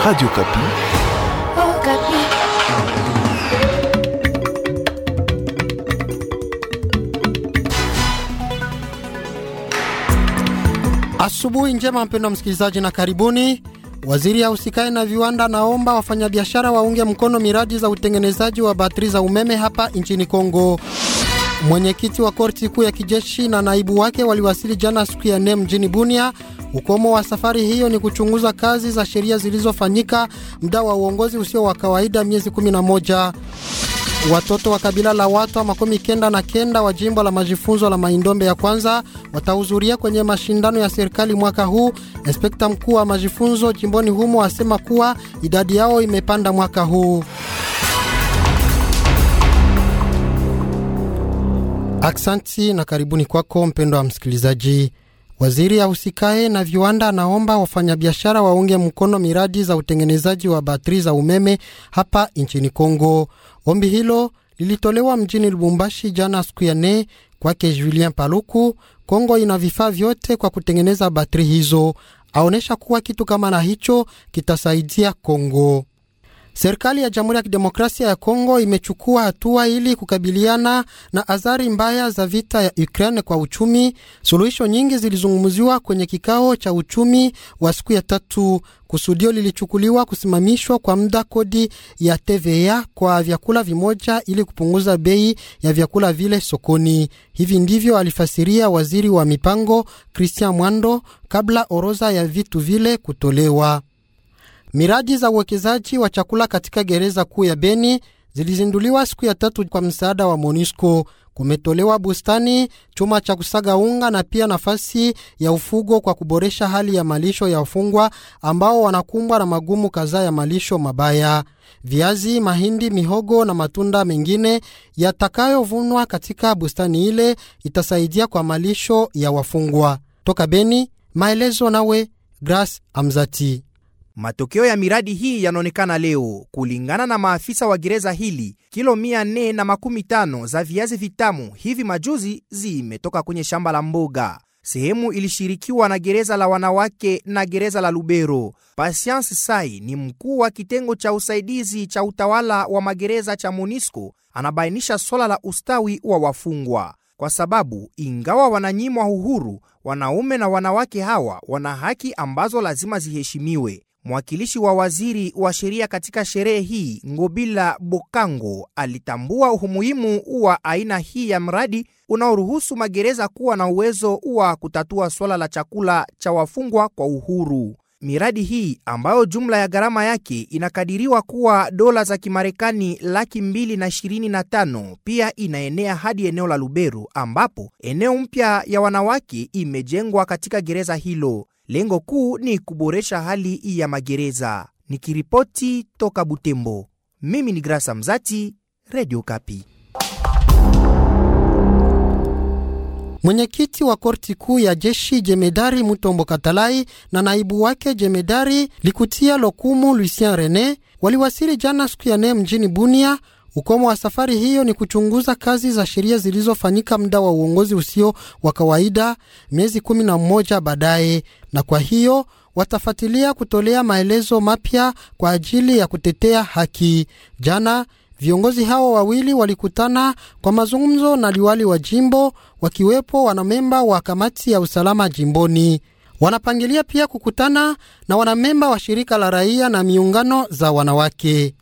Radio Kapi. Oh, Kapi. Asubuhi njema mpendwa msikilizaji na karibuni. Waziri ausikae na viwanda naomba wafanyabiashara waunge mkono miradi za utengenezaji wa batri za umeme hapa nchini Kongo. Mwenyekiti wa korti kuu ya kijeshi na naibu wake waliwasili jana siku ya nne mjini Bunia Ukomo wa safari hiyo ni kuchunguza kazi za sheria zilizofanyika muda wa uongozi usio wa kawaida miezi 11. Watoto wa kabila la Watwa makumi kenda na kenda wa jimbo la majifunzo la Maindombe ya kwanza watahudhuria kwenye mashindano ya serikali mwaka huu. Inspekta mkuu wa majifunzo jimboni humo asema kuwa idadi yao imepanda mwaka huu. Aksanti na karibuni kwako mpendo wa msikilizaji. Waziri ahusikaye na viwanda anaomba wafanyabiashara waunge mkono miradi za utengenezaji wa batri za umeme hapa nchini Kongo. Ombi hilo lilitolewa mjini Lubumbashi jana siku ya nne kwake Julien Paluku. Kongo ina vifaa vyote kwa kutengeneza batri hizo. Aonyesha kuwa kitu kama na hicho kitasaidia Kongo. Serikali ya Jamhuri ya Kidemokrasia ya Kongo imechukua hatua ili kukabiliana na athari mbaya za vita ya Ukraine kwa uchumi. Suluhisho nyingi zilizungumziwa kwenye kikao cha uchumi wa siku ya tatu. Kusudio lilichukuliwa kusimamishwa kwa muda kodi ya TVA kwa vyakula vimoja ili kupunguza bei ya vyakula vile sokoni. Hivi ndivyo alifasiria waziri wa mipango Christian Mwando kabla orodha ya vitu vile kutolewa. Miradi za uwekezaji wa chakula katika gereza kuu ya Beni zilizinduliwa siku ya tatu kwa msaada wa MONUSCO. Kumetolewa bustani, chuma cha kusaga unga na pia nafasi ya ufugo kwa kuboresha hali ya malisho ya wafungwa ambao wanakumbwa na magumu kadhaa ya malisho mabaya. Viazi, mahindi, mihogo na matunda mengine yatakayovunwa katika bustani ile itasaidia kwa malisho ya wafungwa. Toka Beni, maelezo nawe Grace Amzati. Matokeo ya miradi hii yanaonekana leo. Kulingana na maafisa wa gereza hili, kilo mia nne na makumi tano za viazi vitamu hivi majuzi zimetoka kwenye shamba la mboga. Sehemu ilishirikiwa na gereza la wanawake na gereza la Lubero. Patience Sai ni mkuu wa kitengo cha usaidizi cha utawala wa magereza cha MONUSCO, anabainisha swala la ustawi wa wafungwa kwa sababu ingawa wananyimwa uhuru, wanaume na wanawake hawa wana haki ambazo lazima ziheshimiwe. Mwakilishi wa waziri wa sheria katika sherehe hii, Ngobila Bokango, alitambua umuhimu wa aina hii ya mradi unaoruhusu magereza kuwa na uwezo wa kutatua swala la chakula cha wafungwa kwa uhuru. Miradi hii ambayo jumla ya gharama yake inakadiriwa kuwa dola za Kimarekani laki mbili na ishirini na tano pia inaenea hadi eneo la luberu ambapo eneo mpya ya wanawake imejengwa katika gereza hilo. Lengo kuu ni kuboresha hali ya magereza. Nikiripoti toka Butembo, mimi ni Grasa Mzati, Radio Kapi. Mwenyekiti wa korti kuu ya jeshi jemedari Mutombo Katalai na naibu wake jemedari Likutia Lokumu Lucien Rene waliwasili jana siku ya nne mjini Bunia Ukomo wa safari hiyo ni kuchunguza kazi za sheria zilizofanyika muda wa uongozi usio wa kawaida miezi kumi na mmoja baadaye, na kwa hiyo watafuatilia kutolea maelezo mapya kwa ajili ya kutetea haki. Jana viongozi hao wawili walikutana kwa mazungumzo na liwali wa jimbo, wakiwepo wanamemba wa kamati ya usalama jimboni. Wanapangilia pia kukutana na wanamemba wa shirika la raia na miungano za wanawake.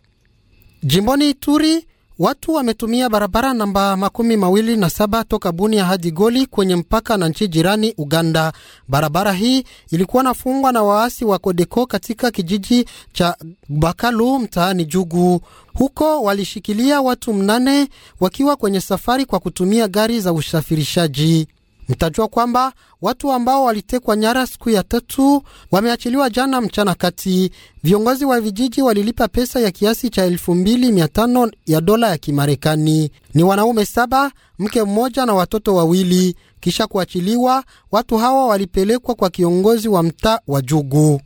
Jimboni Ituri watu wametumia barabara namba makumi mawili na saba toka Bunia hadi Goli kwenye mpaka na nchi jirani Uganda. Barabara hii ilikuwa nafungwa na waasi wa Kodeko katika kijiji cha Bakalu mtaani Jugu. Huko walishikilia watu mnane wakiwa kwenye safari kwa kutumia gari za usafirishaji. Nitajua kwamba watu ambao walitekwa nyara siku ya tatu wameachiliwa jana mchana kati. Viongozi wa vijiji walilipa pesa ya kiasi cha elfu mbili mia tano ya dola ya Kimarekani. Ni wanaume saba, mke mmoja na watoto wawili. Kisha kuachiliwa, watu hawa walipelekwa kwa kiongozi wa mtaa wa Jugu.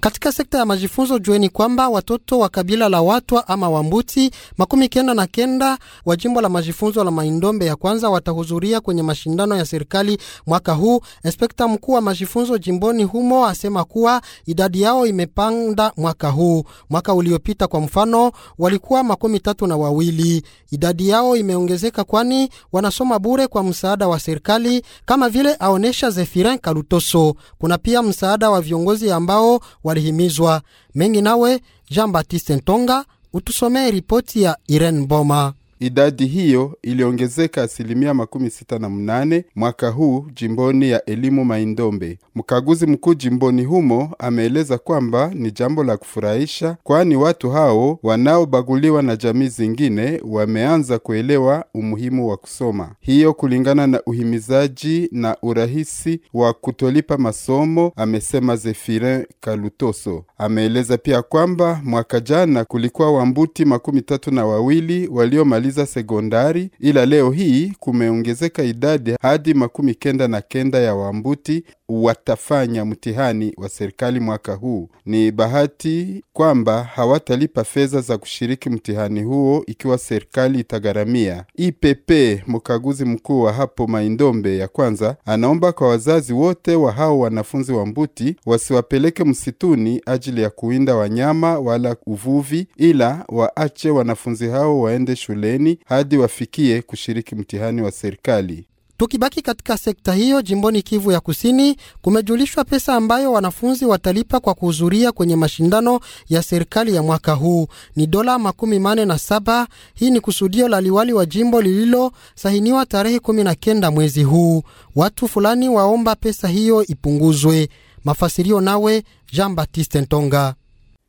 Katika sekta ya majifunzo jueni kwamba watoto wa kabila la Watwa ama Wambuti makumi kenda na kenda wa jimbo la majifunzo la Maindombe ya kwanza watahudhuria kwenye mashindano ya serikali mwaka huu. Inspekta mkuu wa majifunzo jimboni humo asema kuwa idadi yao imepanda mwaka huu. Mwaka uliopita kwa mfano walikuwa makumi tatu na wawili. Idadi yao imeongezeka kwani wanasoma bure kwa msaada wa serikali, kama vile aonesha Zefirin Kalutoso. Kuna pia msaada wa viongozi ambao walihimizwa mengi. Nawe Jean Baptiste Ntonga utusomee ripoti ya Irene Boma. Idadi hiyo iliongezeka asilimia makumi sita na mnane mwaka huu jimboni ya elimu Maindombe. Mkaguzi mkuu jimboni humo ameeleza kwamba ni jambo la kufurahisha, kwani watu hao wanaobaguliwa na jamii zingine wameanza kuelewa umuhimu wa kusoma, hiyo kulingana na uhimizaji na urahisi wa kutolipa masomo, amesema Zefirin Kalutoso. Ameeleza pia kwamba mwaka jana kulikuwa wambuti makumi tatu na wawili waliomaliza kumaliza sekondari, ila leo hii kumeongezeka idadi hadi makumi kenda na kenda ya Wambuti watafanya mtihani wa serikali mwaka huu. Ni bahati kwamba hawatalipa fedha za kushiriki mtihani huo ikiwa serikali itagharamia. IPP, mkaguzi mkuu wa hapo Maindombe ya kwanza, anaomba kwa wazazi wote wa hao wanafunzi wa mbuti wasiwapeleke msituni ajili ya kuwinda wanyama wala uvuvi, ila waache wanafunzi hao waende shuleni hadi wafikie kushiriki mtihani wa serikali. Tukibaki katika sekta hiyo jimboni Kivu ya Kusini, kumejulishwa pesa ambayo wanafunzi watalipa kwa kuhudhuria kwenye mashindano ya serikali ya mwaka huu ni dola makumi mane na saba. Hii ni kusudio la liwali wa jimbo lililosahiniwa tarehe kumi na kenda mwezi huu. Watu fulani waomba pesa hiyo ipunguzwe. Mafasirio nawe Jean Baptiste Ntonga.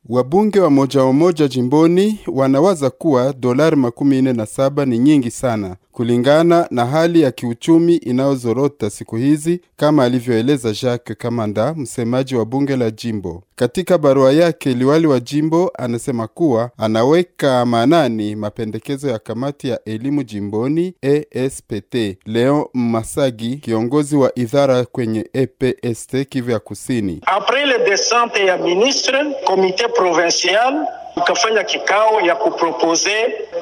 Wabunge wa moja wa moja jimboni wanawaza kuwa dolari makumi nne na saba ni nyingi sana kulingana na hali ya kiuchumi inayozorota siku hizi, kama alivyoeleza Jacques Kamanda, msemaji wa bunge la jimbo. Katika barua yake, liwali wa jimbo anasema kuwa anaweka maanani mapendekezo ya kamati ya elimu jimboni ESPT. Leon Masagi, kiongozi wa idhara kwenye EPST Kivu ya Kusini, apres le ya ministre provincial tukafanya kikao ya kupropose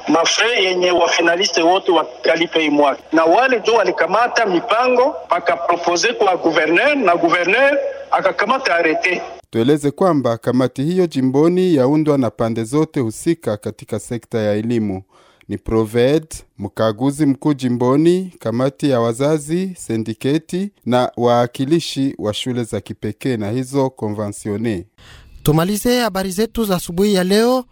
mafre yenye wafinaliste wote wakalipe imwaka, na wale ndio walikamata mipango wakapropose kwa guverner na guverneur akakamata arete. Tueleze kwamba kamati hiyo jimboni yaundwa na pande zote husika katika sekta ya elimu ni Proved, mkaguzi mkuu jimboni, kamati ya wazazi, sendiketi na waakilishi wa shule za kipekee na hizo konvensione. Tumalize habari zetu za asubuhi ya leo.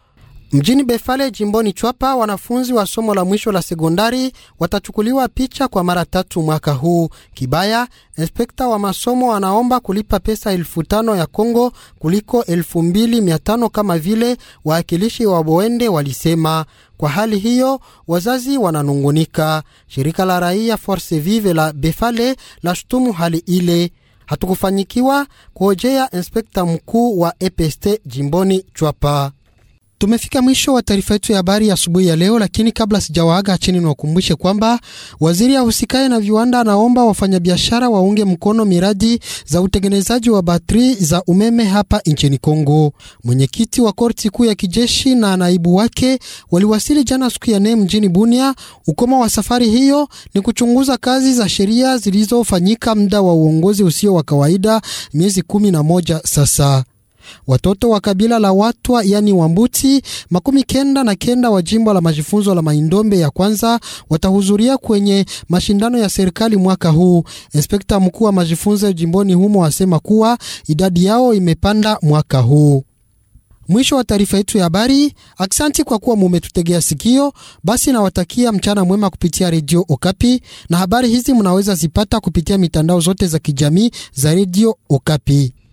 Mjini Befale jimboni Chwapa, wanafunzi wa somo la mwisho la sekondari watachukuliwa picha kwa mara tatu mwaka huu. Kibaya, inspekta wa masomo anaomba kulipa pesa elfu tano ya Kongo kuliko elfu mbili mia tano kama vile waakilishi wa Boende walisema. Kwa hali hiyo, wazazi wananungunika. Shirika la raia Force Vive la Befale la shutumu hali ile hatukufanyikiwa kuojea inspekta mkuu wa EPST jimboni Chwapa. Tumefika mwisho wa taarifa yetu ya habari asubuhi ya, ya leo, lakini kabla sijawaaga, acheni niwakumbushe kwamba waziri ahusikaye na viwanda anaomba wafanyabiashara waunge mkono miradi za utengenezaji wa batri za umeme hapa nchini Kongo. Mwenyekiti wa korti kuu ya kijeshi na naibu wake waliwasili jana siku ya nne mjini Bunia. Ukoma wa safari hiyo ni kuchunguza kazi za sheria zilizofanyika muda wa uongozi usio wa kawaida miezi kumi na moja sasa. Watoto wa kabila la Watwa yani Wambuti makumi kenda na kenda wa jimbo la majifunzo la Maindombe ya kwanza watahudhuria kwenye mashindano ya serikali mwaka huu. Inspekta mkuu wa majifunzo jimboni humo asema kuwa idadi yao imepanda mwaka huu. Mwisho wa taarifa yetu ya habari. Aksanti kwa kuwa mumetutegea sikio. Basi nawatakia mchana mwema kupitia redio Okapi, na habari hizi mnaweza zipata kupitia mitandao zote za kijamii za redio Okapi.